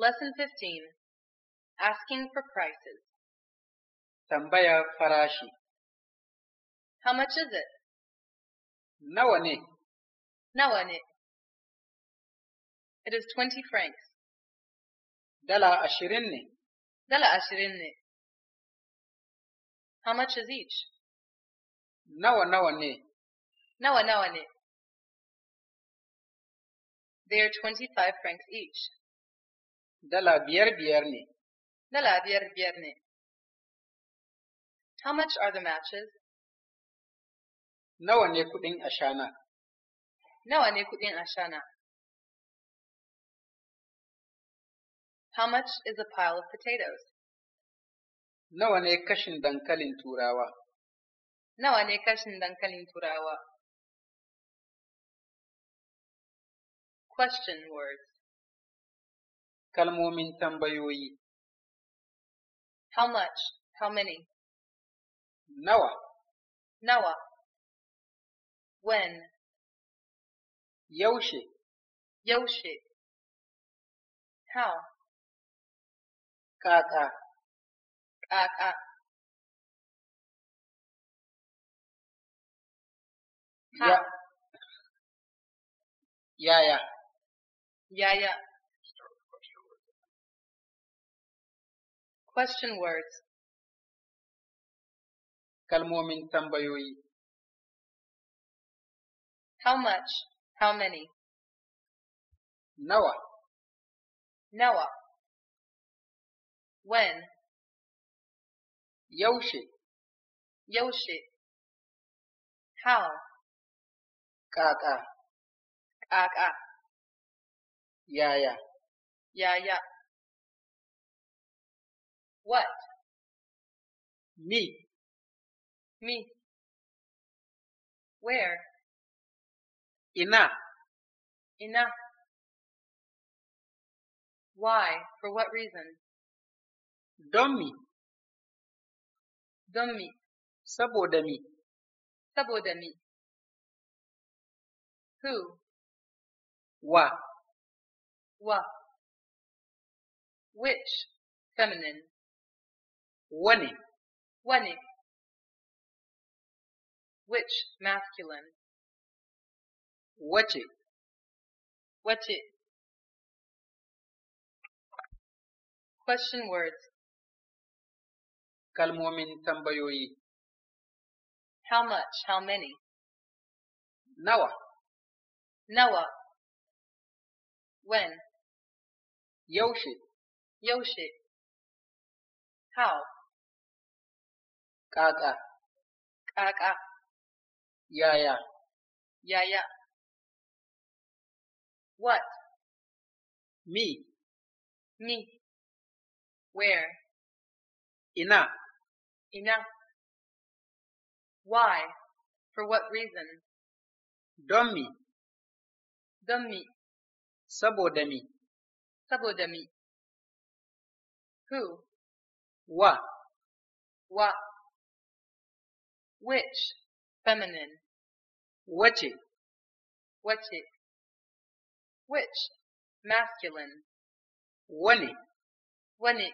Lesson 15 Asking for Prices Tambaya farashi How much is it? Nawa ne? It is 20 francs. Dala ashirinne. Dala ashirinne. How much is each? Nawa nawa Nawa nawa They are 25 francs each. Dalla biyar biyar ne. Dalla biyar biyar ne. How much are the matches? Nawa ne kuɗin ashana? Nawa ne kuɗin ashana? How much is a pile of potatoes? Nawa ne kashin dankalin turawa? Nawa ne kashin dankalin turawa? Question words kalmomin tambayoyi. How much? How many? Nawa. Nawa. When? Yaushe. Yaushe. How? Kaka. Kaka. How? Ya. Yaya. Yaya. Question words. Kalmomin tambayoyi. How much? How many? Noah. Noah. When? Yoshi. Yoshi. How? Kaka. Kaka. Yaya. Yaya. What? Me. Me. Where? Enough. Enough. Why? For what reason? Dummy. Dummy. Don dummy. Saboda dummy. Who? Wa. Wa. Which? Feminine. Wane. Wane. Which, masculine. Wache. Wache. Question words. How much? How many? Nowa. Nowa. When? Yaushe. Yaushe. How? Kaka. Kaka. Yaya. Yaya. what me me where ina ina why for what reason Dummy. Dummy. don me who what what which, feminine. Whichy. Whichy. Which, masculine. Wani. Wani.